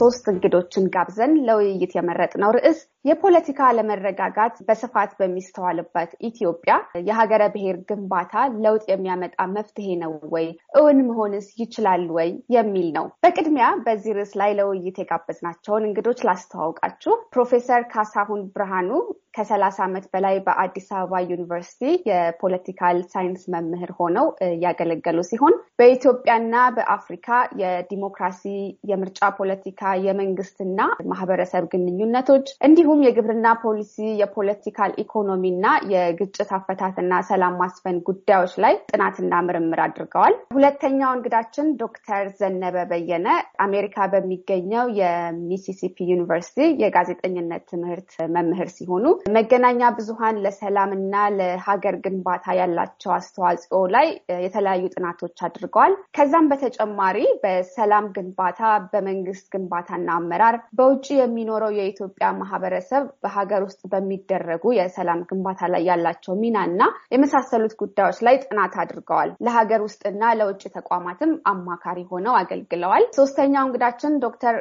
ሶስት እንግዶችን ጋብዘን ለውይይት የመረጥነው ርዕስ የፖለቲካ አለመረጋጋት በስፋት በሚስተዋልበት ኢትዮጵያ የሀገረ ብሔር ግንባታ ለውጥ የሚያመጣ መፍትሄ ነው ወይ? እውን መሆንስ ይችላል ወይ? የሚል ነው። በቅድሚያ በዚህ ርዕስ ላይ ለውይይት የጋበዝናቸውን እንግዶች ላስተዋውቃችሁ። ፕሮፌሰር ካሳሁን ብርሃኑ ከሰላሳ ዓመት በላይ በአዲስ አበባ ዩኒቨርሲቲ የፖለቲካል ሳይንስ መምህር ሆነው እያገለገሉ ሲሆን በኢትዮጵያና በአፍሪካ የዲሞክራሲ፣ የምርጫ ፖለቲካ፣ የመንግስትና ማህበረሰብ ግንኙነቶች እንዲሁም የግብርና ፖሊሲ፣ የፖለቲካል ኢኮኖሚና የግጭት አፈታትና ሰላም ማስፈን ጉዳዮች ላይ ጥናትና ምርምር አድርገዋል። ሁለተኛው እንግዳችን ዶክተር ዘነበ በየነ አሜሪካ በሚገኘው የሚሲሲፒ ዩኒቨርሲቲ የጋዜጠኝነት ትምህርት መምህር ሲሆኑ መገናኛ ብዙሀን ለሰላምና ለሀገር ግንባታ ያላቸው አስተዋጽኦ ላይ የተለያዩ ጥናቶች አድርገዋል። ከዛም በተጨማሪ በሰላም ግንባታ፣ በመንግስት ግንባታና አመራር በውጭ የሚኖረው የኢትዮጵያ ማህበረሰብ በሀገር ውስጥ በሚደረጉ የሰላም ግንባታ ላይ ያላቸው ሚና እና የመሳሰሉት ጉዳዮች ላይ ጥናት አድርገዋል። ለሀገር ውስጥና ለውጭ ተቋማትም አማካሪ ሆነው አገልግለዋል። ሶስተኛው እንግዳችን ዶክተር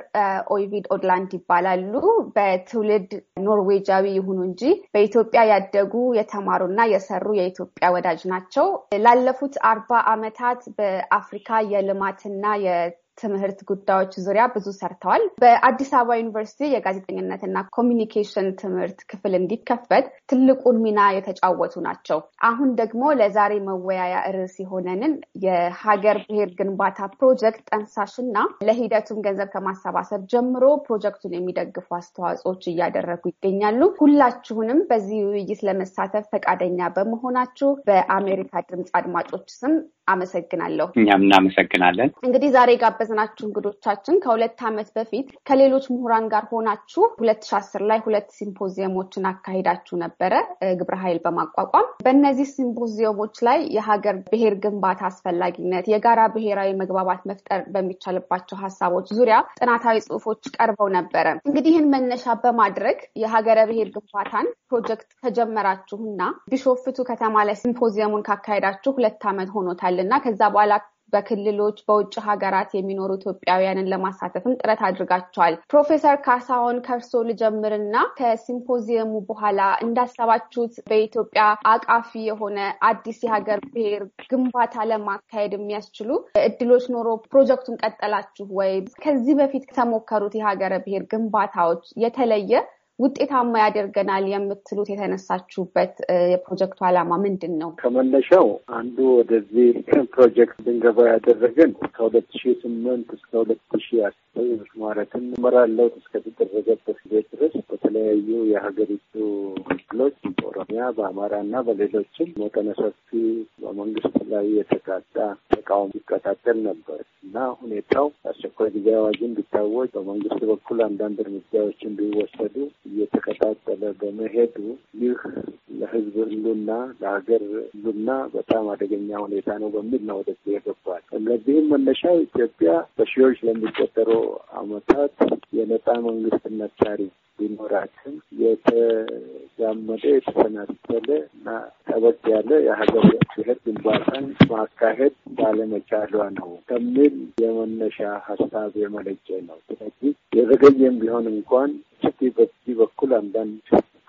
ኦይቪድ ኦድላንድ ይባላሉ። በትውልድ ኖርዌጃዊ ይሁኑ እንጂ በኢትዮጵያ ያደጉ የተማሩና የሰሩ የኢትዮጵያ ወዳጅ ናቸው። ላለፉት አርባ ዓመታት በአፍሪካ የልማትና ትምህርት ጉዳዮች ዙሪያ ብዙ ሰርተዋል። በአዲስ አበባ ዩኒቨርሲቲ የጋዜጠኝነትና ኮሚኒኬሽን ትምህርት ክፍል እንዲከፈት ትልቁን ሚና የተጫወቱ ናቸው። አሁን ደግሞ ለዛሬ መወያያ ርዕስ የሆነንን የሀገር ብሔር ግንባታ ፕሮጀክት ጠንሳሽና ለሂደቱም ገንዘብ ከማሰባሰብ ጀምሮ ፕሮጀክቱን የሚደግፉ አስተዋጽኦች እያደረጉ ይገኛሉ። ሁላችሁንም በዚህ ውይይት ለመሳተፍ ፈቃደኛ በመሆናችሁ በአሜሪካ ድምፅ አድማጮች ስም አመሰግናለሁ። እኛም እናመሰግናለን። እንግዲህ ዛሬ የጋበዝናችሁ እንግዶቻችን ከሁለት ዓመት በፊት ከሌሎች ምሁራን ጋር ሆናችሁ ሁለት ሺ አስር ላይ ሁለት ሲምፖዚየሞችን አካሂዳችሁ ነበረ ግብረ ኃይል በማቋቋም በእነዚህ ሲምፖዚየሞች ላይ የሀገር ብሔር ግንባታ አስፈላጊነት፣ የጋራ ብሔራዊ መግባባት መፍጠር በሚቻልባቸው ሀሳቦች ዙሪያ ጥናታዊ ጽሁፎች ቀርበው ነበረ። እንግዲህ ይህን መነሻ በማድረግ የሀገረ ብሔር ግንባታን ፕሮጀክት ከጀመራችሁና ቢሾፍቱ ከተማ ላይ ሲምፖዚየሙን ካካሄዳችሁ ሁለት ዓመት ሆኖታል። ይችላል እና ከዛ በኋላ በክልሎች በውጭ ሀገራት የሚኖሩ ኢትዮጵያውያንን ለማሳተፍም ጥረት አድርጋቸዋል። ፕሮፌሰር ካሳሁን ከእርሶ ልጀምርና ከሲምፖዚየሙ በኋላ እንዳሰባችሁት በኢትዮጵያ አቃፊ የሆነ አዲስ የሀገር ብሔር ግንባታ ለማካሄድ የሚያስችሉ እድሎች ኖሮ ፕሮጀክቱን ቀጠላችሁ ወይ? ከዚህ በፊት ከተሞከሩት የሀገረ ብሔር ግንባታዎች የተለየ ውጤታማ ያደርገናል የምትሉት የተነሳችሁበት የፕሮጀክቱ ዓላማ ምንድን ነው? ከመነሻው አንዱ ወደዚህ ፕሮጀክት ድንገባ ያደረገን ከሁለት ሺ ስምንት እስከ ሁለት ሺ አስር ማለትም ምርመራ ለውጥ እስከተደረገበት ጊዜ ድረስ በተለያዩ የሀገሪቱ ክፍሎች በኦሮሚያ፣ በአማራ እና በሌሎችም መጠነ ሰፊ በመንግስት ላይ የተቃጣ ተቃውሞ ይቀጣጠል ነበር እና ሁኔታው አስቸኳይ ጊዜ አዋጅ እንዲታወጅ በመንግስት በኩል አንዳንድ እርምጃዎች እንዲወሰዱ እየተቀጣጠለ በመሄዱ ይህ ለህዝብ ህሉና ለሀገር ህሉና በጣም አደገኛ ሁኔታ ነው በሚል ነው ወደዚህ የገባል። እነዚህም መነሻ ኢትዮጵያ በሺዎች ለሚቆጠሩ አመታት የነጻ መንግስትነት ታሪክ ቢኖራትም የተዛመደ የተሰናሰለ እና ጠበቅ ያለ የሀገር ብሔር ግንባታን ማካሄድ ባለመቻሏ ነው ከሚል የመነሻ ሀሳብ የመለጨ ነው። ስለዚህ የዘገየም ቢሆን እንኳን በዚህ በኩል አንዳንድ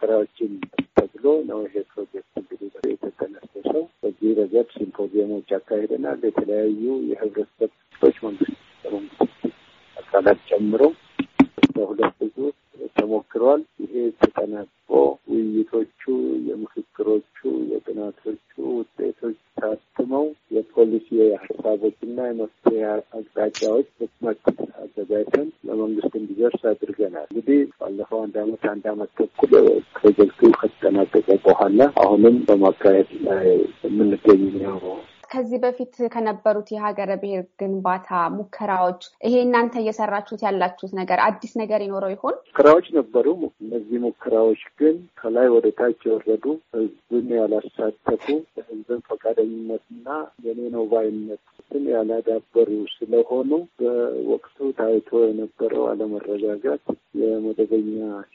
ስራዎችን ተብሎ ነው ይሄ ፕሮጀክት እንግዲህ የተጠነሰሰው። በዚህ ረገድ ሲምፖዚየሞች አካሄደናል። የተለያዩ የህብረተሰብ ክፍሎች መንግስት መንግስት አካላት ጨምሮ በሁለት ብዙ ተሞክሯል። ይሄ ተጠናቆ ውይይቶቹ፣ የምክክሮቹ፣ የጥናቶቹ ውጤቶች ታትመው የፖሊሲ ሀሳቦችና የመፍትሄ አቅጣጫዎች ህትመት አዘጋጅተን ለመንግስት እንዲደርስ አድርገናል። እንግዲህ ባለፈው አንድ አመት አንድ አመት ተኩል ፕሮጀክቱ ከተጠናቀቀ በኋላ አሁንም በማካሄድ ላይ የምንገኝ ነው። ከዚህ በፊት ከነበሩት የሀገረ ብሔር ግንባታ ሙከራዎች ይሄ እናንተ እየሰራችሁት ያላችሁት ነገር አዲስ ነገር ይኖረው ይሆን? ሙከራዎች ነበሩ። እነዚህ ሙከራዎች ግን ከላይ ወደ ታች የወረዱ ህዝብን ያላሳተፉ፣ ህዝብን ፈቃደኝነትና የኔ ነው ባይነት ስርዓትን ያላዳበሩ ስለሆኑ በወቅቱ ታይቶ የነበረው አለመረጋጋት የመደበኛ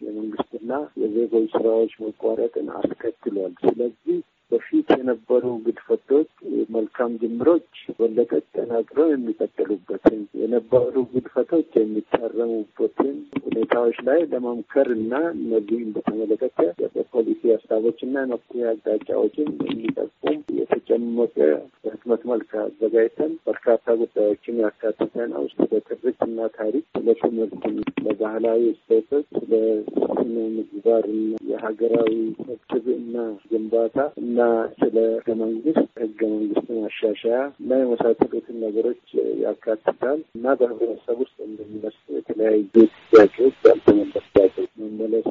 የመንግስትና የዜጎች ስራዎች መቋረጥን አስከትሏል። ስለዚህ በፊት የነበሩ ግድፈቶች፣ መልካም ጅምሮች በለጠ ተጠናክረው የሚቀጥሉበትን የነበሩ ግድፈቶች የሚታረሙበትን ሁኔታዎች ላይ ለመምከር እና እነዚህም በተመለከተ በፖሊሲ ሀሳቦች እና መፍትሄ አቅጣጫዎችን የሚጠቁም የተጨመቀ በህትመት መልክ አዘጋጅተን በርካታ ጉዳዮችን ያካተተ ነው። ስለ ትርክት እና ታሪክ፣ ስለ ትምህርት፣ ለባህላዊ ስቶቶች፣ ስለ ስነ ምግባር እና የሀገራዊ ትብዕና ግንባታ እና እና ስለ ህገ መንግስት ህገ መንግስት ማሻሻያ እና የመሳሰሉትን ነገሮች ያካትታል እና በህብረተሰብ ውስጥ እንደሚነሱ የተለያዩ ጥያቄዎች ያልተመለሱ መመለስ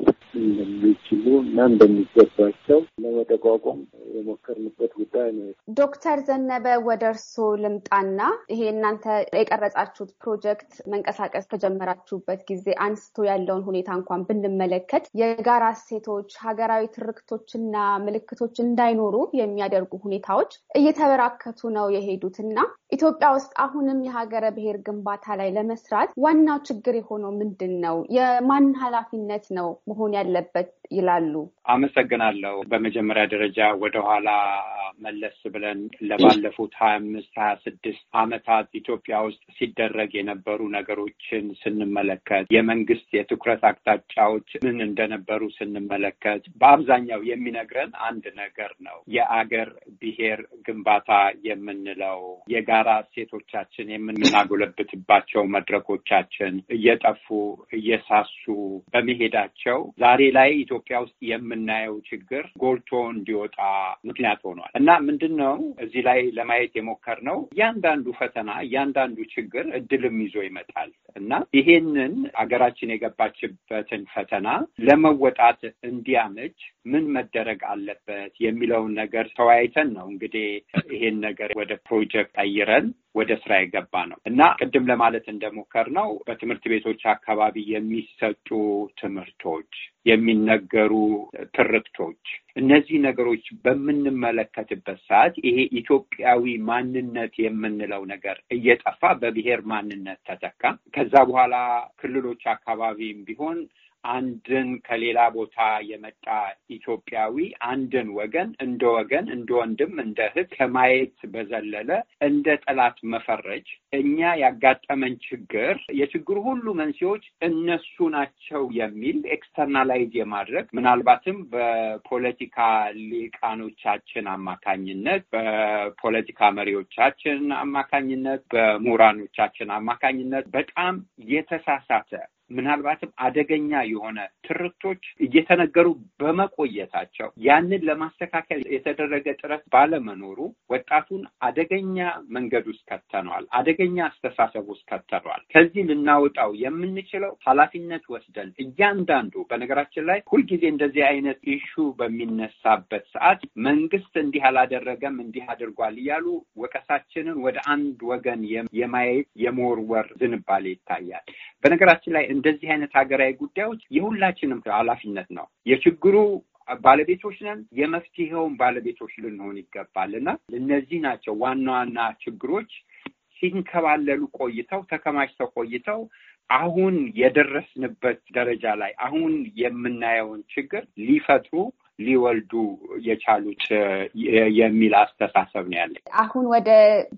እንደሚችሉ እና እንደሚገባቸው ለመጠቋቋም የሞከርንበት ጉዳይ ነው። ዶክተር ዘነበ ወደ እርሶ ልምጣና ይሄ እናንተ የቀረጻችሁት ፕሮጀክት መንቀሳቀስ ከጀመራችሁበት ጊዜ አንስቶ ያለውን ሁኔታ እንኳን ብንመለከት የጋራ እሴቶች፣ ሀገራዊ ትርክቶችና ምልክቶች እንዳይ እንዳይኖሩ የሚያደርጉ ሁኔታዎች እየተበራከቱ ነው የሄዱት እና ኢትዮጵያ ውስጥ አሁንም የሀገረ ብሔር ግንባታ ላይ ለመስራት ዋናው ችግር የሆነው ምንድን ነው? የማን ኃላፊነት ነው መሆን ያለበት ይላሉ? አመሰግናለሁ። በመጀመሪያ ደረጃ ወደኋላ መለስ ብለን ለባለፉት ሀያ አምስት ሀያ ስድስት አመታት ኢትዮጵያ ውስጥ ሲደረግ የነበሩ ነገሮችን ስንመለከት የመንግስት የትኩረት አቅጣጫዎች ምን እንደነበሩ ስንመለከት በአብዛኛው የሚነግረን አንድ ነገር ነው። ነው የአገር ብሔር ግንባታ የምንለው የጋራ እሴቶቻችን የምናጎለብትባቸው መድረኮቻችን እየጠፉ እየሳሱ በመሄዳቸው ዛሬ ላይ ኢትዮጵያ ውስጥ የምናየው ችግር ጎልቶ እንዲወጣ ምክንያት ሆኗል እና ምንድን ነው እዚህ ላይ ለማየት የሞከር ነው። እያንዳንዱ ፈተና እያንዳንዱ ችግር እድልም ይዞ ይመጣል እና ይሄንን አገራችን የገባችበትን ፈተና ለመወጣት እንዲያመች ምን መደረግ አለበት የሚል የሚለውን ነገር ተወያይተን ነው እንግዲህ ይሄን ነገር ወደ ፕሮጀክት አይረን ወደ ስራ የገባ ነው እና ቅድም ለማለት እንደሞከር ነው በትምህርት ቤቶች አካባቢ የሚሰጡ ትምህርቶች፣ የሚነገሩ ትርክቶች፣ እነዚህ ነገሮች በምንመለከትበት ሰዓት ይሄ ኢትዮጵያዊ ማንነት የምንለው ነገር እየጠፋ በብሔር ማንነት ተተካ። ከዛ በኋላ ክልሎች አካባቢም ቢሆን አንድን ከሌላ ቦታ የመጣ ኢትዮጵያዊ አንድን ወገን እንደ ወገን እንደ ወንድም እንደ እህት ከማየት በዘለለ እንደ ጠላት መፈረጅ፣ እኛ ያጋጠመን ችግር የችግሩ ሁሉ መንስኤዎች እነሱ ናቸው የሚል ኤክስተርናላይዝ የማድረግ ምናልባትም በፖለቲካ ሊቃኖቻችን አማካኝነት፣ በፖለቲካ መሪዎቻችን አማካኝነት፣ በምሁራኖቻችን አማካኝነት በጣም የተሳሳተ ምናልባትም አደገኛ የሆነ ትርክቶች እየተነገሩ በመቆየታቸው ያንን ለማስተካከል የተደረገ ጥረት ባለመኖሩ ወጣቱን አደገኛ መንገድ ውስጥ ከተነዋል። አደገኛ አስተሳሰብ ውስጥ ከተነዋል። ከዚህ ልናወጣው የምንችለው ኃላፊነት ወስደን እያንዳንዱ በነገራችን ላይ ሁልጊዜ እንደዚህ አይነት ኢሹ በሚነሳበት ሰዓት መንግስት እንዲህ አላደረገም እንዲህ አድርጓል እያሉ ወቀሳችንን ወደ አንድ ወገን የማየት የመወርወር ዝንባሌ ይታያል። በነገራችን ላይ እንደዚህ አይነት ሀገራዊ ጉዳዮች የሁላችንም ኃላፊነት ነው። የችግሩ ባለቤቶች ነን፣ የመፍትሄውን ባለቤቶች ልንሆን ይገባል እና እነዚህ ናቸው ዋና ዋና ችግሮች ሲንከባለሉ ቆይተው ተከማችተው ቆይተው አሁን የደረስንበት ደረጃ ላይ አሁን የምናየውን ችግር ሊፈቱ ሊወልዱ የቻሉት የሚል አስተሳሰብ ነው ያለ። አሁን ወደ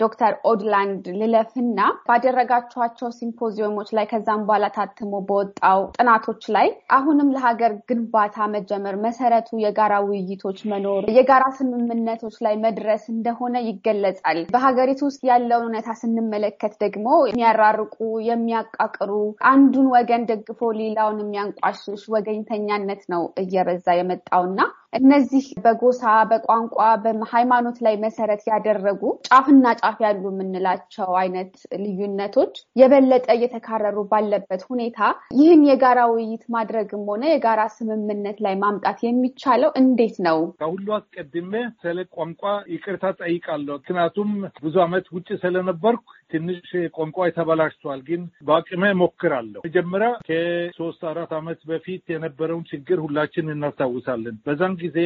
ዶክተር ኦድላንድ ልለፍና ባደረጋችኋቸው ሲምፖዚየሞች ላይ ከዛም በኋላ ታትሞ በወጣው ጥናቶች ላይ አሁንም ለሀገር ግንባታ መጀመር መሰረቱ የጋራ ውይይቶች መኖር፣ የጋራ ስምምነቶች ላይ መድረስ እንደሆነ ይገለጻል። በሀገሪቱ ውስጥ ያለውን ሁኔታ ስንመለከት ደግሞ የሚያራርቁ የሚያቃቅሩ፣ አንዱን ወገን ደግፎ ሌላውን የሚያንቋሽሽ ወገኝተኛነት ነው እየበዛ የመጣውና እነዚህ በጎሳ በቋንቋ በሃይማኖት ላይ መሰረት ያደረጉ ጫፍና ጫፍ ያሉ የምንላቸው አይነት ልዩነቶች የበለጠ እየተካረሩ ባለበት ሁኔታ ይህን የጋራ ውይይት ማድረግም ሆነ የጋራ ስምምነት ላይ ማምጣት የሚቻለው እንዴት ነው? ከሁሉ አስቀድሜ ስለ ቋንቋ ይቅርታ ጠይቃለሁ። ምክንያቱም ብዙ ዓመት ውጭ ስለነበርኩ ትንሽ ቋንቋ የተበላሽቷል፣ ግን በአቅሜ ሞክራለሁ። መጀመሪያ ከሶስት አራት ዓመት በፊት የነበረውን ችግር ሁላችን እናስታውሳለን። በዛን ጊዜ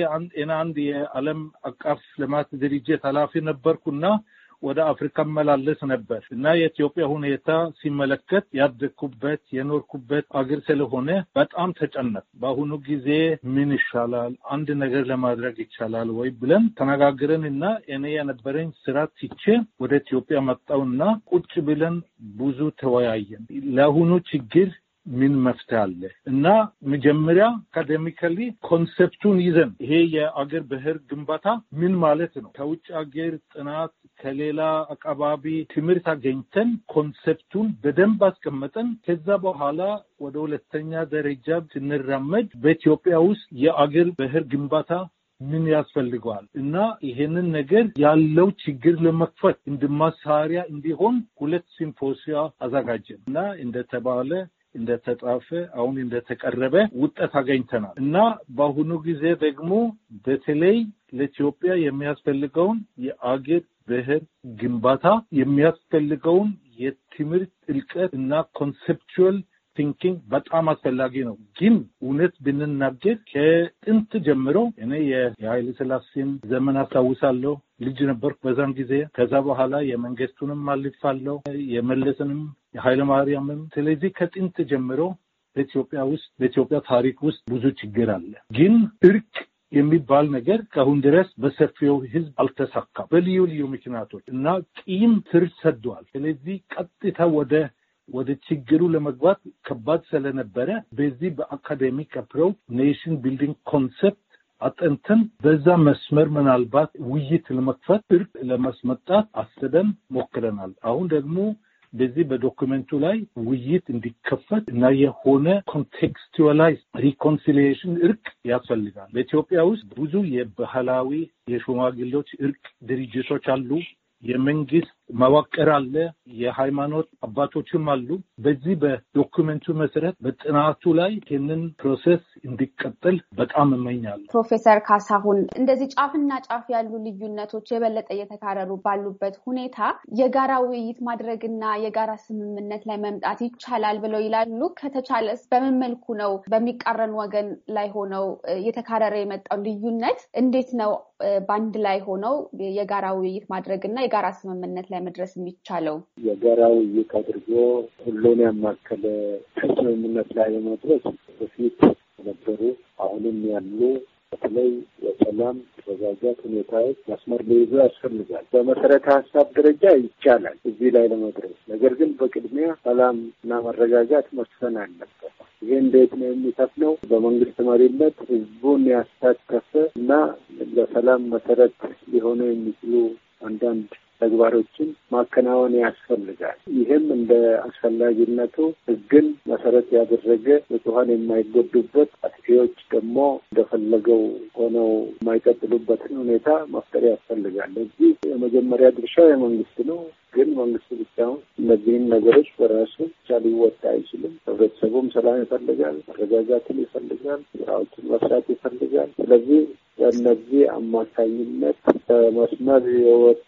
አንድ የዓለም አቀፍ ልማት ድርጅት ኃላፊ ነበርኩና ወደ አፍሪካ መላለስ ነበር እና የኢትዮጵያ ሁኔታ ሲመለከት ያደግኩበት የኖርኩበት አገር ስለሆነ በጣም ተጨነቅ። በአሁኑ ጊዜ ምን ይሻላል፣ አንድ ነገር ለማድረግ ይቻላል ወይ ብለን ተነጋግረን እና እኔ የነበረኝ ስራ ትቼ ወደ ኢትዮጵያ መጣውና ቁጭ ብለን ብዙ ተወያየን። ለአሁኑ ችግር ምን መፍትሄ አለ እና መጀመሪያ አካደሚካሊ ኮንሰፕቱን ይዘን ይሄ የአገር ብሔር ግንባታ ምን ማለት ነው ከውጭ አገር ጥናት ከሌላ አካባቢ ትምህርት አገኝተን ኮንሰፕቱን በደንብ አስቀመጠን ከዛ በኋላ ወደ ሁለተኛ ደረጃ ስንራመድ በኢትዮጵያ ውስጥ የአገር ብሔር ግንባታ ምን ያስፈልገዋል እና ይሄንን ነገር ያለው ችግር ለመክፈት እንደ መሳሪያ እንዲሆን ሁለት ሲምፖሲያ አዘጋጀን እና እንደተባለ እንደተጻፈ አሁን እንደተቀረበ ውጠት አገኝተናል እና በአሁኑ ጊዜ ደግሞ በተለይ ለኢትዮጵያ የሚያስፈልገውን የአገር ብሔር ግንባታ የሚያስፈልገውን የትምህርት ጥልቀት እና ኮንሴፕቹዋል ቲንኪንግ በጣም አስፈላጊ ነው። ግን እውነት ብንናገር ከጥንት ጀምሮ እኔ የኃይለ ሥላሴን ዘመን አስታውሳለሁ። ልጅ ነበርኩ በዛን ጊዜ። ከዛ በኋላ የመንግስቱንም አልፋለሁ፣ የመለስንም የኃይለ ማርያምም። ስለዚህ ከጥንት ጀምሮ በኢትዮጵያ ውስጥ በኢትዮጵያ ታሪክ ውስጥ ብዙ ችግር አለ። ግን እርቅ የሚባል ነገር ከአሁን ድረስ በሰፊው ህዝብ አልተሳካም በልዩ ልዩ ምክንያቶች እና ቂም ስር ሰደዋል። ስለዚህ ቀጥታ ወደ ወደ ችግሩ ለመግባት ከባድ ስለነበረ በዚህ በአካዴሚክ አፕሮች ኔሽን ቢልዲንግ ኮንሰፕት አጠንተን በዛ መስመር ምናልባት ውይይት ለመክፈት እርቅ ለማስመጣት አስበን ሞክረናል። አሁን ደግሞ በዚህ በዶክመንቱ ላይ ውይይት እንዲከፈት እና የሆነ ኮንቴክስቱዋላይዝ ሪኮንሲሊሽን እርቅ ያስፈልጋል። በኢትዮጵያ ውስጥ ብዙ የባህላዊ የሽማግሌዎች እርቅ ድርጅቶች አሉ። የመንግስት መዋቅር አለ፣ የሃይማኖት አባቶችም አሉ። በዚህ በዶክመንቱ መሰረት በጥናቱ ላይ ይህንን ፕሮሰስ እንዲቀጥል በጣም እመኛለሁ። ፕሮፌሰር ካሳሁን እንደዚህ ጫፍና ጫፍ ያሉ ልዩነቶች የበለጠ እየተካረሩ ባሉበት ሁኔታ የጋራ ውይይት ማድረግና የጋራ ስምምነት ላይ መምጣት ይቻላል ብለው ይላሉ። ከተቻለስ በምን መልኩ ነው በሚቃረን ወገን ላይ ሆነው እየተካረረ የመጣው ልዩነት እንዴት ነው በአንድ ላይ ሆነው የጋራ ውይይት ማድረግና የጋራ ስምምነት ለመድረስ የሚቻለው? የጋራ ውይይት አድርጎ ሁሉን ያማከለ ስምምነት ላይ ለመድረስ በፊት ነበሩ አሁንም ያሉ በተለይ የሰላም መረጋጋት ሁኔታዎች መስመር ሊይዙ ያስፈልጋል። በመሰረተ ሀሳብ ደረጃ ይቻላል እዚህ ላይ ለመድረስ። ነገር ግን በቅድሚያ ሰላም እና መረጋጋት መስፈን አለበት። ይህ እንዴት ነው የሚሰፍነው? በመንግስት መሪነት ህዝቡን ያሳተፈ እና ለሰላም መሰረት ሊሆኑ የሚችሉ አንዳንድ ተግባሮችን ማከናወን ያስፈልጋል። ይህም እንደ አስፈላጊነቱ ሕግን መሰረት ያደረገ ንጹሐን የማይጎዱበት አጥፊዎች ደግሞ እንደፈለገው ሆነው የማይቀጥሉበትን ሁኔታ መፍጠር ያስፈልጋል። እዚህ የመጀመሪያ ድርሻ የመንግስት ነው። ግን መንግስት ብቻውን እነዚህን ነገሮች በራሱ ብቻ ሊወጣ አይችልም። ህብረተሰቡም ሰላም ይፈልጋል፣ መረጋጋትን ይፈልጋል፣ ስራዎችን መስራት ይፈልጋል። ስለዚህ በእነዚህ አማካኝነት በመስመር የወጡ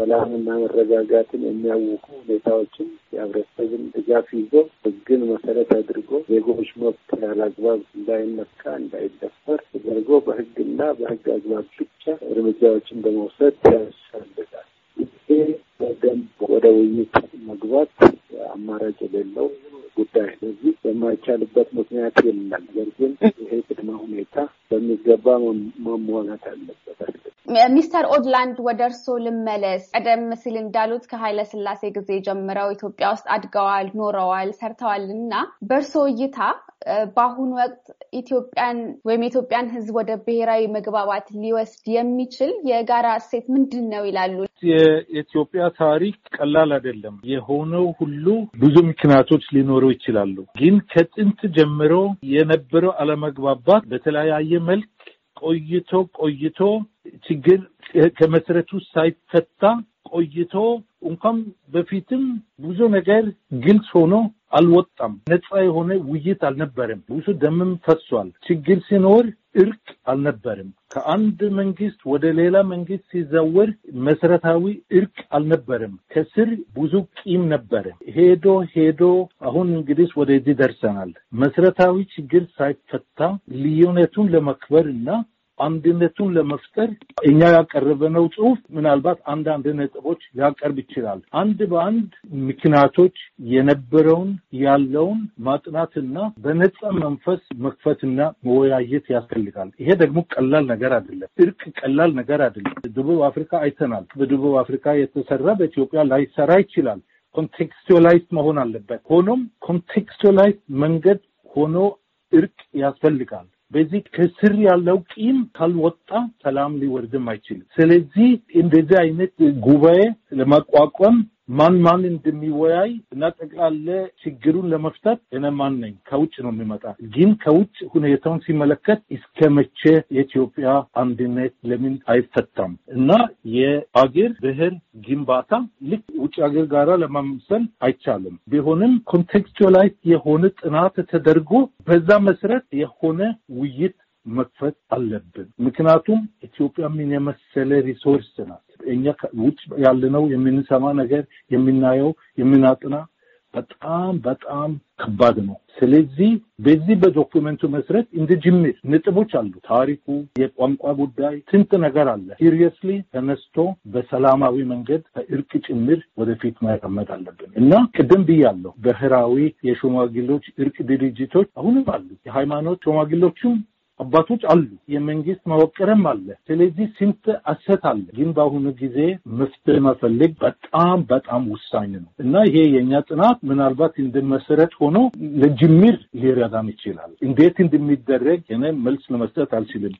ሰላምና መረጋጋትን የሚያውቁ ሁኔታዎችን የህብረተሰብን ድጋፍ ይዞ ህግን መሰረት አድርጎ ዜጎች መብት ያላግባብ እንዳይነካ እንዳይደፈር ተደርጎ በህግና በህግ አግባብ ብቻ እርምጃዎችን በመውሰድ ያስፈልጋል። ይሄ በደንብ ወደ ውይይት መግባት አማራጭ የሌለው ጉዳይ ስለዚህ በማይቻልበት ምክንያት የለም። ነገር ግን ይሄ ቅድመ ሁኔታ በሚገባ መሟላት አለበት። ሚስተር ኦድላንድ ወደ እርስዎ ልመለስ። ቀደም ሲል እንዳሉት ከኃይለ ስላሴ ጊዜ ጀምረው ኢትዮጵያ ውስጥ አድገዋል፣ ኖረዋል፣ ሰርተዋል እና በእርስዎ እይታ በአሁኑ ወቅት ኢትዮጵያን ወይም የኢትዮጵያን ሕዝብ ወደ ብሔራዊ መግባባት ሊወስድ የሚችል የጋራ እሴት ምንድን ነው ይላሉ? የኢትዮጵያ ታሪክ ቀላል አይደለም። የሆነው ሁሉ ብዙ ምክንያቶች ሊኖሩ ይችላሉ። ግን ከጥንት ጀምሮ የነበረው አለመግባባት በተለያየ መልክ ቆይቶ ቆይቶ ችግር ከመሰረቱ ሳይፈታ ቆይቶ እንኳን በፊትም ብዙ ነገር ግልጽ ሆኖ አልወጣም። ነፃ የሆነ ውይይት አልነበረም። ብዙ ደምም ፈሷል። ችግር ሲኖር እርቅ አልነበረም። ከአንድ መንግስት ወደ ሌላ መንግስት ሲዘወር መሰረታዊ እርቅ አልነበረም። ከስር ብዙ ቂም ነበረ። ሄዶ ሄዶ አሁን እንግዲህ ወደዚህ ደርሰናል። መሰረታዊ ችግር ሳይፈታ ልዩነቱን ለማክበር እና አንድነቱን ለመፍጠር እኛ ያቀረበነው ጽሁፍ ምናልባት አንዳንድ ነጥቦች ሊያቀርብ ይችላል። አንድ በአንድ ምክንያቶች የነበረውን ያለውን ማጥናትና በነጻ መንፈስ መክፈትና መወያየት ያስፈልጋል። ይሄ ደግሞ ቀላል ነገር አይደለም። እርቅ ቀላል ነገር አይደለም። ደቡብ አፍሪካ አይተናል። በደቡብ አፍሪካ የተሰራ በኢትዮጵያ ላይሰራ ይችላል። ኮንቴክስቱላይዝ መሆን አለበት። ሆኖም ኮንቴክስቱላይዝ መንገድ ሆኖ እርቅ ያስፈልጋል። በዚህ ከስር ያለው ቂም ካልወጣ ሰላም ሊወርድም አይችልም። ስለዚህ እንደዚህ አይነት ጉባኤ ለማቋቋም ማን ማን እንደሚወያይ እና ጠቅላለ ችግሩን ለመፍታት እነ ማን ነኝ ከውጭ ነው የሚመጣ ግን ከውጭ ሁኔታውን ሲመለከት እስከ መቼ የኢትዮጵያ አንድነት ለምን አይፈታም እና የአገር ብሔር ግንባታ ልክ ውጭ ሀገር ጋራ ለማምሰል አይቻልም። ቢሆንም ኮንቴክስቹዋላይዝ የሆነ ጥናት ተደርጎ በዛ መሰረት የሆነ ውይይት መክፈት አለብን። ምክንያቱም ኢትዮጵያ ምን የመሰለ ሪሶርስ ናት። እኛ ውጭ ያለነው የምንሰማ ነገር፣ የምናየው፣ የምናጥና በጣም በጣም ከባድ ነው። ስለዚህ በዚህ በዶኩመንቱ መሰረት እንደ ጅምር ነጥቦች አሉ። ታሪኩ፣ የቋንቋ ጉዳይ፣ ስንት ነገር አለ። ሲሪየስሊ ተነስቶ በሰላማዊ መንገድ በእርቅ ጭምር ወደፊት መቀመጥ አለብን እና ቅድም ብያለሁ፣ ብሔራዊ የሽማግሌዎች እርቅ ድርጅቶች አሁንም አሉ። የሃይማኖት ሽማግሌዎችም አባቶች አሉ፣ የመንግስት መወቅርም አለ። ስለዚህ ስንት አሰት አለ። ግን በአሁኑ ጊዜ መፍትሄ መፈለግ በጣም በጣም ወሳኝ ነው እና ይሄ የእኛ ጥናት ምናልባት እንድመሰረት ሆኖ ለጅምር ሊረዳም ይችላል። እንዴት እንደሚደረግ እኔ መልስ ለመስጠት አልችልም።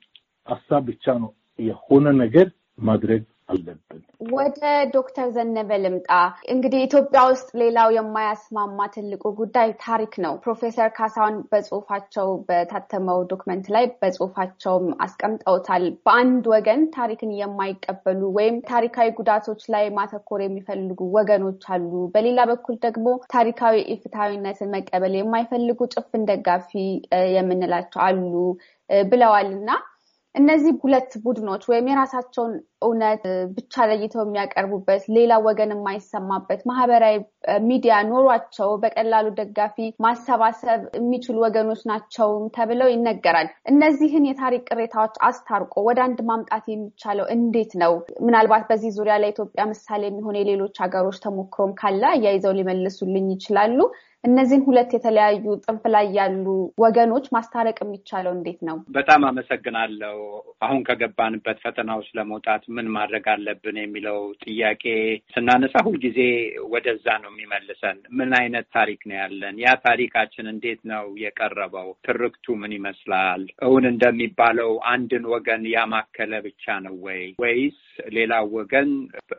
ሀሳብ ብቻ ነው የሆነ ነገር ማድረግ አለብን። ወደ ዶክተር ዘነበ ልምጣ። እንግዲህ ኢትዮጵያ ውስጥ ሌላው የማያስማማ ትልቁ ጉዳይ ታሪክ ነው። ፕሮፌሰር ካሳሁን በጽሁፋቸው በታተመው ዶክመንት ላይ በጽሁፋቸውም አስቀምጠውታል። በአንድ ወገን ታሪክን የማይቀበሉ ወይም ታሪካዊ ጉዳቶች ላይ ማተኮር የሚፈልጉ ወገኖች አሉ። በሌላ በኩል ደግሞ ታሪካዊ ኢፍትሐዊነትን መቀበል የማይፈልጉ ጭፍን ደጋፊ የምንላቸው አሉ ብለዋል እና እነዚህ ሁለት ቡድኖች ወይም የራሳቸውን እውነት ብቻ ለይተው የሚያቀርቡበት ሌላ ወገን የማይሰማበት ማህበራዊ ሚዲያ ኖሯቸው በቀላሉ ደጋፊ ማሰባሰብ የሚችሉ ወገኖች ናቸውም ተብለው ይነገራል። እነዚህን የታሪክ ቅሬታዎች አስታርቆ ወደ አንድ ማምጣት የሚቻለው እንዴት ነው? ምናልባት በዚህ ዙሪያ ለኢትዮጵያ ምሳሌ የሚሆን የሌሎች ሀገሮች ተሞክሮም ካለ አያይዘው ሊመልሱልኝ ይችላሉ። እነዚህን ሁለት የተለያዩ ጥንፍ ላይ ያሉ ወገኖች ማስታረቅ የሚቻለው እንዴት ነው? በጣም አመሰግናለሁ። አሁን ከገባንበት ፈተና ለመውጣት ምን ማድረግ አለብን የሚለው ጥያቄ ስናነሳ ሁልጊዜ ወደዛ ነው የሚመልሰን። ምን አይነት ታሪክ ነው ያለን? ያ ታሪካችን እንዴት ነው የቀረበው? ትርክቱ ምን ይመስላል? እውን እንደሚባለው አንድን ወገን ያማከለ ብቻ ነው ወይ ወይስ ሌላ ወገን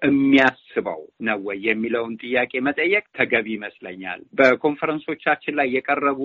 የሚያስበው ነው ወይ የሚለውን ጥያቄ መጠየቅ ተገቢ ይመስለኛል። በኮንፈረንሶቻችን ላይ የቀረቡ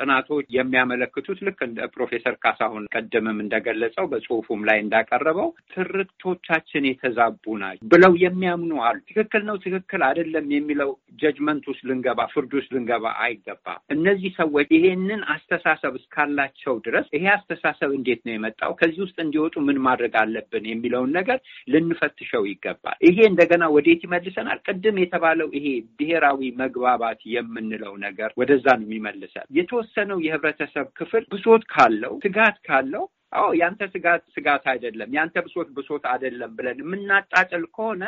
ጥናቶች የሚያመለክቱት ልክ እንደ ፕሮፌሰር ካሳሁን ቀደምም እንደገለጸው በጽሁፉም ላይ እንዳቀረበው ትርክቶ መብቶቻችን የተዛቡ ናቸው ብለው የሚያምኑ አሉ። ትክክል ነው፣ ትክክል አይደለም የሚለው ጀጅመንት ውስጥ ልንገባ፣ ፍርድ ውስጥ ልንገባ አይገባም። እነዚህ ሰዎች ይሄንን አስተሳሰብ እስካላቸው ድረስ ይሄ አስተሳሰብ እንዴት ነው የመጣው፣ ከዚህ ውስጥ እንዲወጡ ምን ማድረግ አለብን የሚለውን ነገር ልንፈትሸው ይገባል። ይሄ እንደገና ወዴት ይመልሰናል? ቅድም የተባለው ይሄ ብሔራዊ መግባባት የምንለው ነገር ወደዛ ነው የሚመልሰን። የተወሰነው የህብረተሰብ ክፍል ብሶት ካለው ስጋት ካለው አዎ ያንተ ስጋት ስጋት አይደለም፣ ያንተ ብሶት ብሶት አይደለም ብለን የምናጣጥል ከሆነ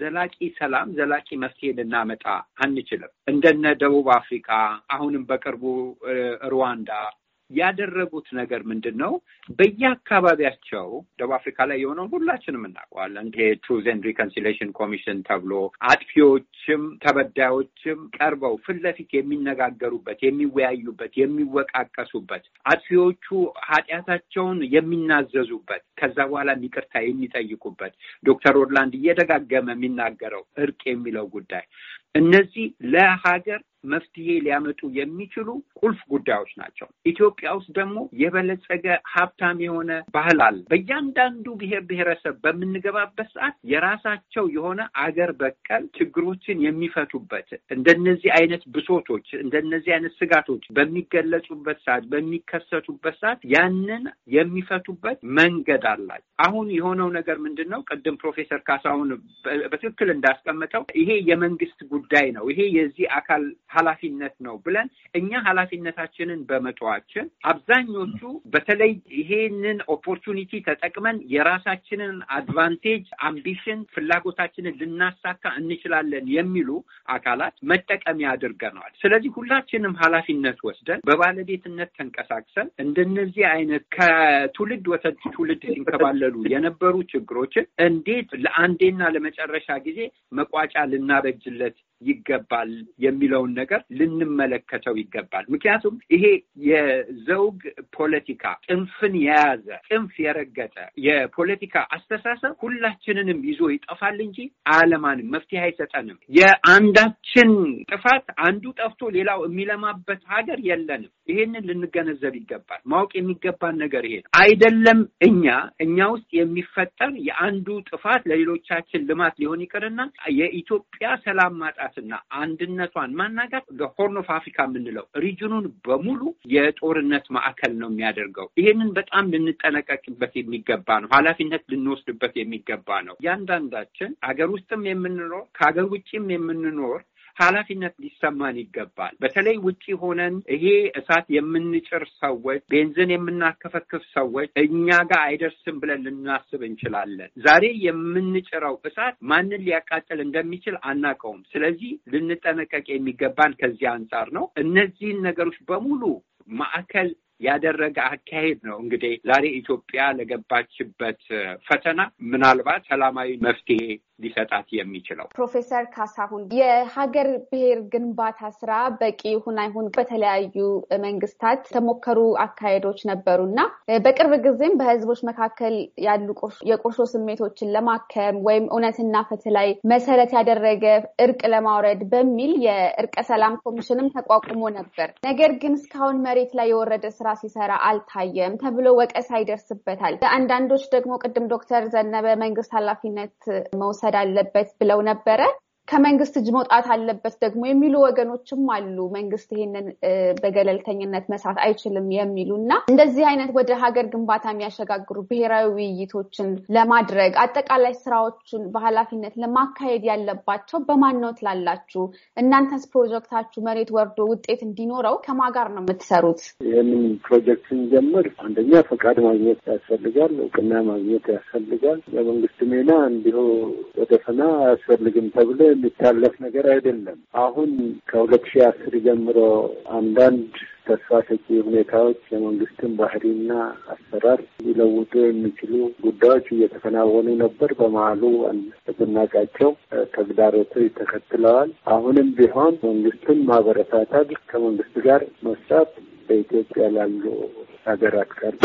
ዘላቂ ሰላም ዘላቂ መፍትሄ ልናመጣ አንችልም። እንደነ ደቡብ አፍሪካ አሁንም በቅርቡ ሩዋንዳ ያደረጉት ነገር ምንድን ነው? በየአካባቢያቸው ደቡብ አፍሪካ ላይ የሆነውን ሁላችንም እናውቀዋለን። ይሄ ትሩዝ ኤንድ ሪኮንሲሌሽን ኮሚሽን ተብሎ አጥፊዎችም ተበዳዮችም ቀርበው ፊት ለፊት የሚነጋገሩበት፣ የሚወያዩበት፣ የሚወቃቀሱበት አጥፊዎቹ ኃጢአታቸውን የሚናዘዙበት ከዛ በኋላ ይቅርታ የሚጠይቁበት ዶክተር ኦርላንድ እየደጋገመ የሚናገረው እርቅ የሚለው ጉዳይ እነዚህ ለሀገር መፍትሄ ሊያመጡ የሚችሉ ቁልፍ ጉዳዮች ናቸው። ኢትዮጵያ ውስጥ ደግሞ የበለጸገ ሀብታም የሆነ ባህል አለ። በእያንዳንዱ ብሔር ብሔረሰብ በምንገባበት ሰዓት የራሳቸው የሆነ አገር በቀል ችግሮችን የሚፈቱበት እንደነዚህ አይነት ብሶቶች፣ እንደነዚህ አይነት ስጋቶች በሚገለጹበት ሰዓት፣ በሚከሰቱበት ሰዓት ያንን የሚፈቱበት መንገድ አላቸው። አሁን የሆነው ነገር ምንድን ነው? ቅድም ፕሮፌሰር ካሳሁን በትክክል እንዳስቀመጠው ይሄ የመንግስት ጉዳይ ነው። ይሄ የዚህ አካል ኃላፊነት ነው ብለን እኛ ኃላፊነታችንን በመተዋችን አብዛኞቹ በተለይ ይሄንን ኦፖርቹኒቲ ተጠቅመን የራሳችንን አድቫንቴጅ፣ አምቢሽን፣ ፍላጎታችንን ልናሳካ እንችላለን የሚሉ አካላት መጠቀሚያ አድርገነዋል። ስለዚህ ሁላችንም ኃላፊነት ወስደን በባለቤትነት ተንቀሳቅሰን እንደነዚህ አይነት ከትውልድ ወደ ትውልድ ሲንከባለሉ የነበሩ ችግሮችን እንዴት ለአንዴና ለመጨረሻ ጊዜ መቋጫ ልናበጅለት ይገባል የሚለውን ነገር ልንመለከተው ይገባል። ምክንያቱም ይሄ የዘውግ ፖለቲካ ጥንፍን የያዘ ጥንፍ የረገጠ የፖለቲካ አስተሳሰብ ሁላችንንም ይዞ ይጠፋል እንጂ አለማንም መፍትሄ አይሰጠንም። የአንዳችን ጥፋት አንዱ ጠፍቶ ሌላው የሚለማበት ሀገር የለንም። ይሄንን ልንገነዘብ ይገባል። ማወቅ የሚገባን ነገር ይሄ አይደለም እኛ እኛ ውስጥ የሚፈጠር የአንዱ ጥፋት ለሌሎቻችን ልማት ሊሆን ይቅርና የኢትዮጵያ ሰላም ማጣት ማጥቃትና አንድነቷን ማናጋት ሆርን ኦፍ አፍሪካ የምንለው ሪጅኑን በሙሉ የጦርነት ማዕከል ነው የሚያደርገው። ይህንን በጣም ልንጠነቀቅበት የሚገባ ነው፣ ኃላፊነት ልንወስድበት የሚገባ ነው። እያንዳንዳችን ሀገር ውስጥም የምንኖር ከሀገር ውጭም የምንኖር ኃላፊነት ሊሰማን ይገባል። በተለይ ውጪ ሆነን ይሄ እሳት የምንጭር ሰዎች፣ ቤንዝን የምናከፈክፍ ሰዎች እኛ ጋር አይደርስም ብለን ልናስብ እንችላለን። ዛሬ የምንጭረው እሳት ማንን ሊያቃጥል እንደሚችል አናውቀውም። ስለዚህ ልንጠነቀቅ የሚገባን ከዚህ አንጻር ነው። እነዚህን ነገሮች በሙሉ ማዕከል ያደረገ አካሄድ ነው። እንግዲህ ዛሬ ኢትዮጵያ ለገባችበት ፈተና ምናልባት ሰላማዊ መፍትሄ ሊሰጣት የሚችለው። ፕሮፌሰር ካሳሁን የሀገር ብሔር ግንባታ ስራ በቂ ይሁን አይሁን በተለያዩ መንግስታት የተሞከሩ አካሄዶች ነበሩ እና በቅርብ ጊዜም በህዝቦች መካከል ያሉ የቁርሾ ስሜቶችን ለማከም ወይም እውነትና ፍትህ ላይ መሰረት ያደረገ እርቅ ለማውረድ በሚል የእርቀ ሰላም ኮሚሽንም ተቋቁሞ ነበር። ነገር ግን እስካሁን መሬት ላይ የወረደ ስራ ስራ ሲሰራ አልታየም ተብሎ ወቀሳ ይደርስበታል። አንዳንዶች ደግሞ ቅድም ዶክተር ዘነበ መንግስት ኃላፊነት መውሰድ አለበት ብለው ነበረ። ከመንግስት እጅ መውጣት አለበት ደግሞ የሚሉ ወገኖችም አሉ። መንግስት ይሄንን በገለልተኝነት መስራት አይችልም የሚሉ እና እንደዚህ አይነት ወደ ሀገር ግንባታ የሚያሸጋግሩ ብሔራዊ ውይይቶችን ለማድረግ አጠቃላይ ስራዎችን በኃላፊነት ለማካሄድ ያለባቸው በማን ነው ትላላችሁ? እናንተስ ፕሮጀክታችሁ መሬት ወርዶ ውጤት እንዲኖረው ከማ ጋር ነው የምትሰሩት? ይህንን ፕሮጀክት ስንጀምር አንደኛ ፈቃድ ማግኘት ያስፈልጋል፣ እውቅና ማግኘት ያስፈልጋል። ለመንግስት ሜና እንዲሁ ወደፈና አያስፈልግም ተብሎ የሚታለፍ ነገር አይደለም። አሁን ከሁለት ሺህ አስር ጀምሮ አንዳንድ ተስፋ ሰጪ ሁኔታዎች የመንግስትን ባህሪና አሰራር ሊለውጡ የሚችሉ ጉዳዮች እየተከናወኑ ነበር። በመሀሉ ብናቃቸው ተግዳሮቶች ተከትለዋል። አሁንም ቢሆን መንግስትን ማበረታታት፣ ከመንግስት ጋር መስራት በኢትዮጵያ ላሉ ሀገራት ቀርቶ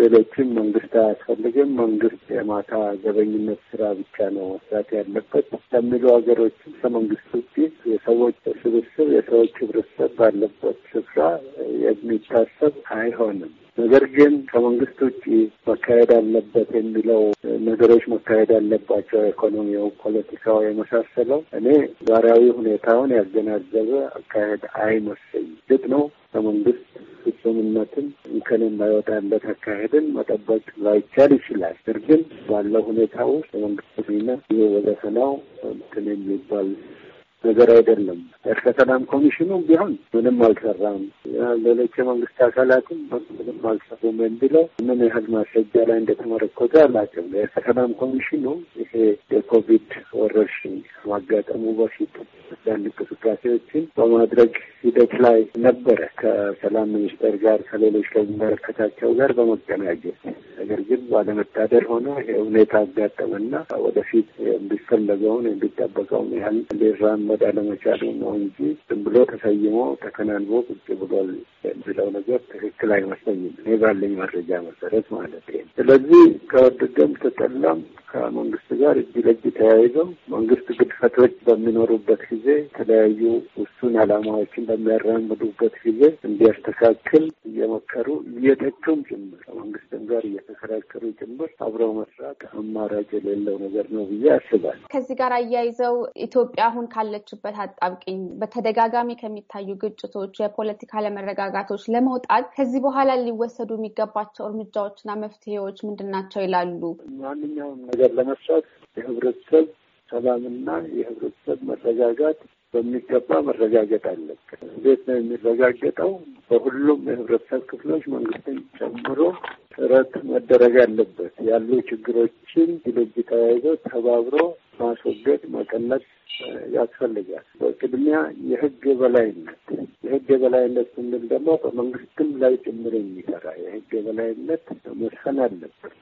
ሌሎችም መንግስት አያስፈልግም፣ መንግስት የማታ ዘበኝነት ስራ ብቻ ነው መስራት ያለበት ለሚሉ ሀገሮችም ከመንግስት ውጭ የሰዎች ስብስብ የሰዎች ህብረተሰብ ባለበት ስፍራ የሚታሰብ አይሆንም። ነገር ግን ከመንግስት ውጭ መካሄድ አለበት የሚለው ነገሮች መካሄድ አለባቸው። ኢኮኖሚው፣ ፖለቲካው የመሳሰለው እኔ ዛሬያዊ ሁኔታውን ያገናዘበ አካሄድ አይመስለኝም። ግጥ ነው ከመንግስት ፍጹምነትን እንከን የማይወጣለት አካሄድን መጠበቅ ላይቻል ይችላል። ነገር ግን ባለው ሁኔታ ውስጥ የመንግስት ሚና ይህ ወደ ሰላው እንትን የሚባል ነገር አይደለም። እርቀ ሰላም ኮሚሽኑም ቢሆን ምንም አልሰራም፣ ሌሎች የመንግስት አካላትም ምንም አልሰሩም የሚለው ምን ያህል ማስረጃ ላይ እንደተመረኮዘ አላቸው። የእርቀ ሰላም ኮሚሽኑ ይሄ የኮቪድ ወረርሽኝ ማጋጠሙ በፊት አንዳንድ እንቅስቃሴዎችን በማድረግ ሂደት ላይ ነበረ ከሰላም ሚኒስቴር ጋር ከሌሎች ከሚመለከታቸው ጋር በመቀናጀት ነገር ግን ባለመታደር ሆነ ሁኔታ አጋጠመና ወደፊት እንዲፈለገውን እንዲጠበቀውን ያህል ሊራም መቀመጥ አለመቻሉ ነው እንጂ ዝም ብሎ ተሰይሞ ተከናንቦ ቁጭ ብሏል የሚለው ነገር ትክክል አይመስለኝም። እኔ ባለኝ መረጃ መሰረት ማለት ነው። ስለዚህ ከወደደም ተጠላም ከመንግስት ጋር እጅ ለእጅ ተያይዘው መንግስት ግድፈቶች በሚኖሩበት ጊዜ የተለያዩ ውሱን አላማዎችን በሚያራምዱበት ጊዜ እንዲያስተካክል እየመከሩ እየተቹም ጭምር ከመንግስትም ጋር እየተከራከሩ ጭምር አብረው መስራት አማራጭ የሌለው ነገር ነው ብዬ አስባለሁ። ከዚህ ጋር አያይዘው ኢትዮጵያ አሁን ካለ ካለችበት አጣብቅኝ በተደጋጋሚ ከሚታዩ ግጭቶች፣ የፖለቲካ አለመረጋጋቶች ለመውጣት ከዚህ በኋላ ሊወሰዱ የሚገባቸው እርምጃዎችና መፍትሄዎች ምንድን ናቸው ይላሉ? ማንኛውም ነገር ለመስራት የህብረተሰብ ሰላምና የህብረተሰብ መረጋጋት በሚገባ መረጋገጥ አለበት። እንዴት ነው የሚረጋገጠው? በሁሉም የህብረተሰብ ክፍሎች መንግስትን ጨምሮ ጥረት መደረግ አለበት። ያሉ ችግሮችን ድልጅ ተያይዞ ተባብሮ ማስወገድ፣ መቀነስ ያስፈልጋል። በቅድሚያ የህግ የበላይነት የህግ የበላይነት ስንል ደግሞ በመንግስትም ላይ ጭምር የሚሰራ የህግ የበላይነት መሰን አለበት።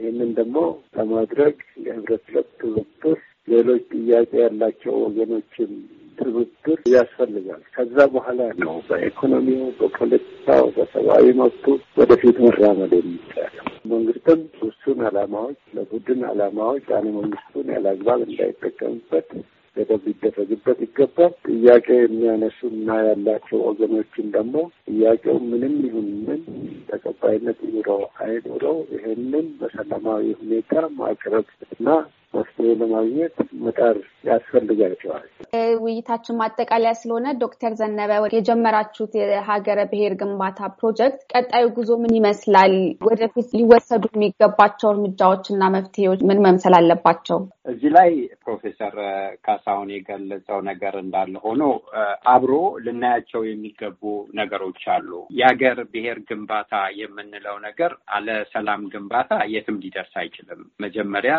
ይህንን ደግሞ ለማድረግ የህብረተሰብ ትብብር፣ ሌሎች ጥያቄ ያላቸው ወገኖችም ትብብር ያስፈልጋል። ከዛ በኋላ ነው በኢኮኖሚው፣ በፖለቲካው፣ በሰብአዊ መብቱ ወደፊት መራመድ የሚቻለው። መንግስትም እሱን አላማዎች ለቡድን አላማዎች አለ መንግስቱን ያለ እንዳይጠቀምበት ገደብ ሊደረግበት ይገባል። ጥያቄ የሚያነሱ እና ያላቸው ወገኖችን ደግሞ ጥያቄው ምንም ይሁን ምን ተቀባይነት ይኑረው አይኑረው ይህንን በሰላማዊ ሁኔታ ማቅረብ እና መፍትሄ ለማግኘት መጣር ያስፈልጋቸዋል። ውይይታችን ማጠቃለያ ስለሆነ ዶክተር ዘነበ የጀመራችሁት የሀገረ ብሔር ግንባታ ፕሮጀክት ቀጣዩ ጉዞ ምን ይመስላል? ወደፊት ሊወሰዱ የሚገባቸው እርምጃዎች እና መፍትሄዎች ምን መምሰል አለባቸው? እዚህ ላይ ፕሮፌሰር ካሳሁን የገለጸው ነገር እንዳለ ሆኖ አብሮ ልናያቸው የሚገቡ ነገሮች አሉ። የሀገር ብሔር ግንባታ የምንለው ነገር አለ ሰላም ግንባታ የትም ሊደርስ አይችልም። መጀመሪያ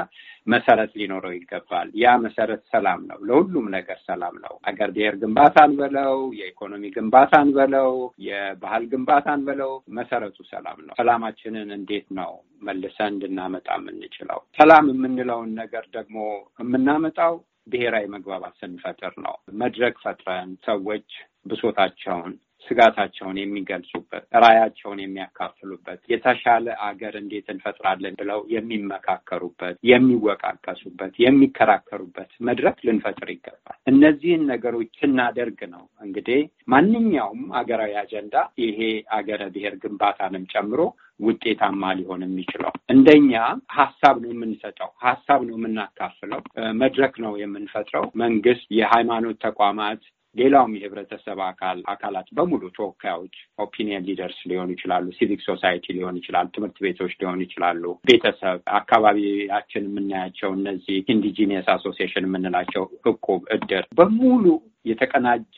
መሰረ መሰረት ሊኖረው ይገባል። ያ መሰረት ሰላም ነው። ለሁሉም ነገር ሰላም ነው። አገር ብሔር ግንባታን በለው፣ የኢኮኖሚ ግንባታን በለው፣ የባህል ግንባታን በለው፣ መሰረቱ ሰላም ነው። ሰላማችንን እንዴት ነው መልሰን እንድናመጣ የምንችለው? ሰላም የምንለውን ነገር ደግሞ የምናመጣው ብሔራዊ መግባባት ስንፈጥር ነው። መድረክ ፈጥረን ሰዎች ብሶታቸውን ስጋታቸውን የሚገልጹበት፣ ራያቸውን የሚያካፍሉበት፣ የተሻለ አገር እንዴት እንፈጥራለን ብለው የሚመካከሩበት፣ የሚወቃቀሱበት፣ የሚከራከሩበት መድረክ ልንፈጥር ይገባል። እነዚህን ነገሮች ስናደርግ ነው እንግዲህ ማንኛውም አገራዊ አጀንዳ ይሄ አገረ ብሔር ግንባታንም ጨምሮ ውጤታማ ሊሆን የሚችለው እንደኛ ሀሳብ ነው የምንሰጠው፣ ሀሳብ ነው የምናካፍለው፣ መድረክ ነው የምንፈጥረው። መንግስት፣ የሃይማኖት ተቋማት፣ ሌላውም የህብረተሰብ አካል አካላት በሙሉ ተወካዮች፣ ኦፒኒየን ሊደርስ ሊሆኑ ይችላሉ፣ ሲቪክ ሶሳይቲ ሊሆን ይችላል፣ ትምህርት ቤቶች ሊሆኑ ይችላሉ፣ ቤተሰብ፣ አካባቢያችን የምናያቸው እነዚህ ኢንዲጂኒየስ አሶሲሽን የምንላቸው እቁብ፣ እድር በሙሉ የተቀናጀ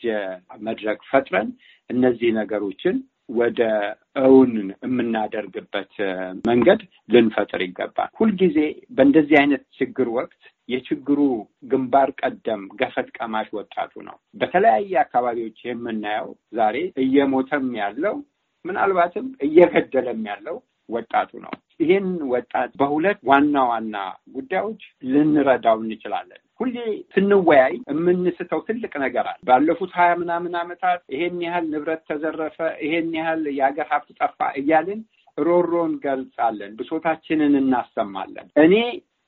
መድረክ ፈጥረን እነዚህ ነገሮችን ወደ እውን የምናደርግበት መንገድ ልንፈጥር ይገባል። ሁልጊዜ በእንደዚህ አይነት ችግር ወቅት የችግሩ ግንባር ቀደም ገፈት ቀማሽ ወጣቱ ነው። በተለያየ አካባቢዎች የምናየው ዛሬ እየሞተም ያለው ምናልባትም እየገደለም ያለው ወጣቱ ነው። ይህን ወጣት በሁለት ዋና ዋና ጉዳዮች ልንረዳው እንችላለን። ሁሌ ስንወያይ የምንስተው ትልቅ ነገር አለ። ባለፉት ሀያ ምናምን ዓመታት ይሄን ያህል ንብረት ተዘረፈ፣ ይሄን ያህል የሀገር ሀብት ጠፋ እያልን ሮሮን ገልጻለን፣ ብሶታችንን እናሰማለን። እኔ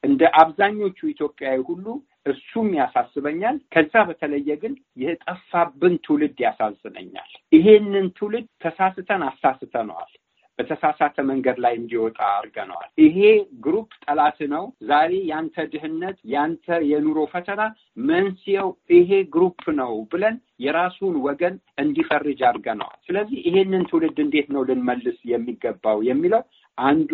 እንደ አብዛኞቹ ኢትዮጵያዊ ሁሉ እሱም ያሳስበኛል። ከዛ በተለየ ግን የጠፋብን ትውልድ ያሳዝነኛል። ይሄንን ትውልድ ተሳስተን አሳስተነዋል። በተሳሳተ መንገድ ላይ እንዲወጣ አድርገነዋል። ይሄ ግሩፕ ጠላት ነው። ዛሬ ያንተ ድህነት፣ ያንተ የኑሮ ፈተና መንስኤው ይሄ ግሩፕ ነው ብለን የራሱን ወገን እንዲፈርጅ አድርገነዋል። ስለዚህ ይሄንን ትውልድ እንዴት ነው ልንመልስ የሚገባው የሚለው አንዱ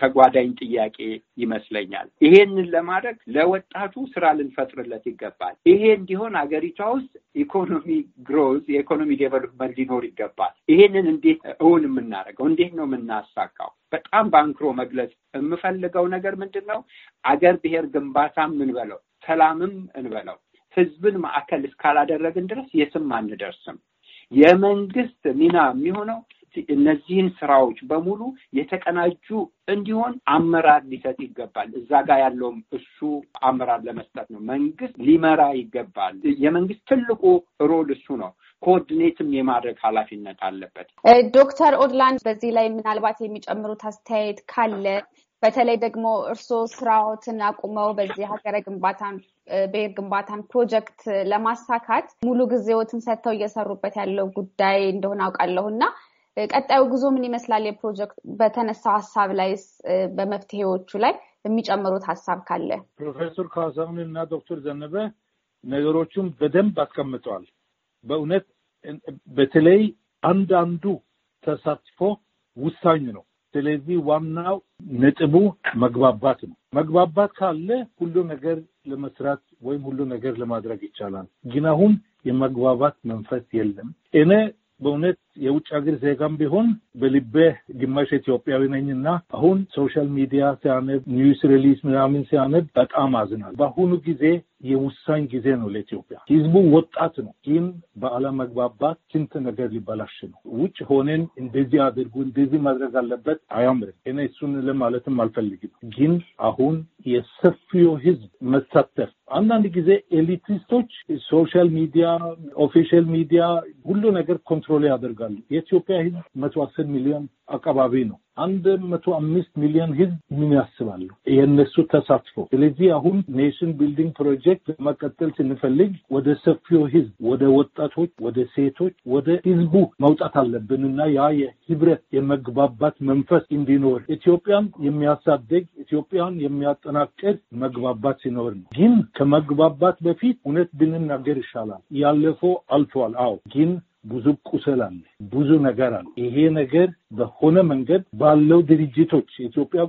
ተጓዳኝ ጥያቄ ይመስለኛል። ይሄንን ለማድረግ ለወጣቱ ስራ ልንፈጥርለት ይገባል። ይሄ እንዲሆን አገሪቷ ውስጥ ኢኮኖሚ ግሮዝ የኢኮኖሚ ዴቨሎፕመንት ሊኖር ይገባል። ይሄንን እንዴት እውን የምናደርገው እንዴት ነው የምናሳካው? በጣም በአንክሮ መግለጽ የምፈልገው ነገር ምንድን ነው አገር ብሔር ግንባታም እንበለው ሰላምም እንበለው ህዝብን ማዕከል እስካላደረግን ድረስ የስም አንደርስም። የመንግስት ሚና የሚሆነው እነዚህን ስራዎች በሙሉ የተቀናጁ እንዲሆን አመራር ሊሰጥ ይገባል። እዛ ጋር ያለውም እሱ አመራር ለመስጠት ነው። መንግስት ሊመራ ይገባል። የመንግስት ትልቁ ሮል እሱ ነው። ኮኦርዲኔትም የማድረግ ኃላፊነት አለበት። ዶክተር ኦድላንድ በዚህ ላይ ምናልባት የሚጨምሩት አስተያየት ካለ በተለይ ደግሞ እርስዎ ስራዎትን አቁመው በዚህ ሀገረ ግንባታን ብሔር ግንባታን ፕሮጀክት ለማሳካት ሙሉ ጊዜዎትን ሰጥተው እየሰሩበት ያለው ጉዳይ እንደሆነ አውቃለሁ እና ቀጣዩ ጉዞ ምን ይመስላል? የፕሮጀክት በተነሳው ሀሳብ ላይ በመፍትሄዎቹ ላይ የሚጨምሩት ሀሳብ ካለ? ፕሮፌሰር ካሳሁን እና ዶክተር ዘነበ ነገሮቹን በደንብ አስቀምጠዋል። በእውነት በተለይ አንዳንዱ ተሳትፎ ውሳኝ ነው። ስለዚህ ዋናው ነጥቡ መግባባት ነው። መግባባት ካለ ሁሉ ነገር ለመስራት ወይም ሁሉ ነገር ለማድረግ ይቻላል። ግን አሁን የመግባባት መንፈስ የለም። እኔ በእውነት የውጭ ሀገር ዜጋም ቢሆን በልቤ ግማሽ ኢትዮጵያዊ ነኝ እና አሁን ሶሻል ሚዲያ ሲያነብ ኒውስ ሪሊዝ ምናምን ሲያነብ በጣም አዝናል። በአሁኑ ጊዜ የውሳኝ ጊዜ ነው ለኢትዮጵያ። ህዝቡ ወጣት ነው፣ ግን በአለመግባባት ስንት ነገር ሊበላሽ ነው። ውጭ ሆነን እንደዚህ አድርጉ እንደዚህ ማድረግ አለበት አያምርም። እኔ እሱን ለማለትም አልፈልግም፣ ግን አሁን የሰፊው ህዝብ መሳተፍ አንዳንድ ጊዜ ኤሊቲስቶች ሶሻል ሚዲያ ኦፊሻል ሚዲያ ሁሉ ነገር ኮንትሮል ያደርጋል ያደርጋሉ። የኢትዮጵያ ህዝብ መቶ አስር ሚሊዮን አካባቢ ነው። አንድ መቶ አምስት ሚሊዮን ህዝብ ምን ያስባሉ? የእነሱ ተሳትፎ። ስለዚህ አሁን ኔሽን ቢልዲንግ ፕሮጀክት መቀጠል ስንፈልግ ወደ ሰፊው ህዝብ፣ ወደ ወጣቶች፣ ወደ ሴቶች፣ ወደ ህዝቡ መውጣት አለብን እና ያ የህብረት የመግባባት መንፈስ እንዲኖር ኢትዮጵያን የሚያሳደግ ኢትዮጵያን የሚያጠናቅር መግባባት ሲኖር ነው። ግን ከመግባባት በፊት እውነት ብንናገር ይሻላል። ያለፈው አልፏል። አዎ ግን ብዙ ቁስል አለ፣ ብዙ ነገር አለ። ይሄ ነገር በሆነ መንገድ ባለው ድርጅቶች ኢትዮጵያ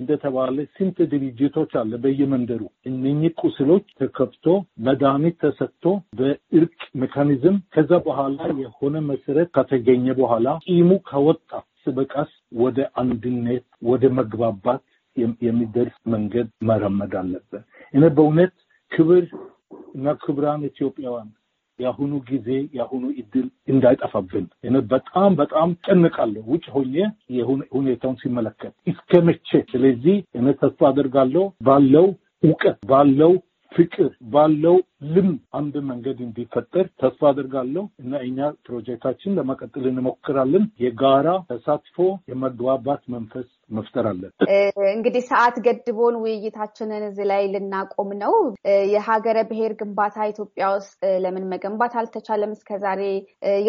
እንደተባለ ስንት ድርጅቶች አለ በየመንደሩ። እነኚህ ቁስሎች ተከፍቶ መድኃኒት ተሰጥቶ በእርቅ ሜካኒዝም ከዛ በኋላ የሆነ መሰረት ከተገኘ በኋላ ቂሙ ከወጣ ስበቃስ ወደ አንድነት ወደ መግባባት የሚደርስ መንገድ መረመድ አለበት። እኔ በእውነት ክብር እና ክብራን ኢትዮጵያውያን የአሁኑ ጊዜ የአሁኑ እድል እንዳይጠፋብን እኔ በጣም በጣም ጨንቃለሁ፣ ውጭ ሆኜ ሁኔታውን ሲመለከት እስከ መቼ። ስለዚህ እኔ ተስፋ አደርጋለሁ ባለው እውቀት ባለው ፍቅር ባለው ልም አንድ መንገድ እንዲፈጠር ተስፋ አድርጋለሁ እና እኛ ፕሮጀክታችን ለመቀጠል እንሞክራለን። የጋራ ተሳትፎ የመግባባት መንፈስ መፍጠር አለን። እንግዲህ ሰዓት ገድቦን ውይይታችንን እዚህ ላይ ልናቆም ነው። የሀገረ ብሔር ግንባታ ኢትዮጵያ ውስጥ ለምን መገንባት አልተቻለም? እስከዛሬ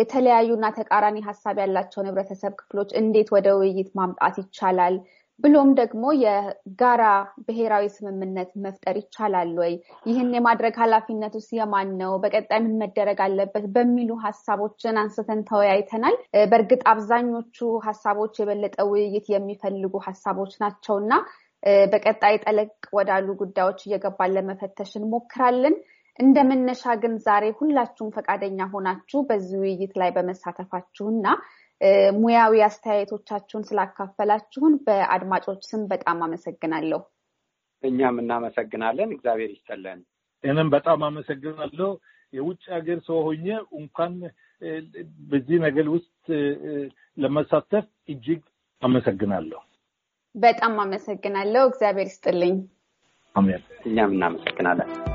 የተለያዩና ተቃራኒ ሀሳብ ያላቸውን ህብረተሰብ ክፍሎች እንዴት ወደ ውይይት ማምጣት ይቻላል? ብሎም ደግሞ የጋራ ብሔራዊ ስምምነት መፍጠር ይቻላል ወይ? ይህን የማድረግ ኃላፊነት ውስጥ የማን ነው? በቀጣይ ምን መደረግ አለበት? በሚሉ ሀሳቦችን አንስተን ተወያይተናል። በእርግጥ አብዛኞቹ ሀሳቦች የበለጠ ውይይት የሚፈልጉ ሀሳቦች ናቸው እና በቀጣይ ጠለቅ ወዳሉ ጉዳዮች እየገባን ለመፈተሽ እንሞክራለን። እንደ መነሻ ግን ዛሬ ሁላችሁም ፈቃደኛ ሆናችሁ በዚህ ውይይት ላይ በመሳተፋችሁ እና ሙያዊ አስተያየቶቻችሁን ስላካፈላችሁን በአድማጮች ስም በጣም አመሰግናለሁ። እኛም እናመሰግናለን። እግዚአብሔር ይስጠለን። እኔም በጣም አመሰግናለሁ። የውጭ ሀገር ሰው ሆኜ እንኳን በዚህ ነገር ውስጥ ለመሳተፍ እጅግ አመሰግናለሁ። በጣም አመሰግናለሁ። እግዚአብሔር ይስጥልኝ። አሜን። እኛም እናመሰግናለን።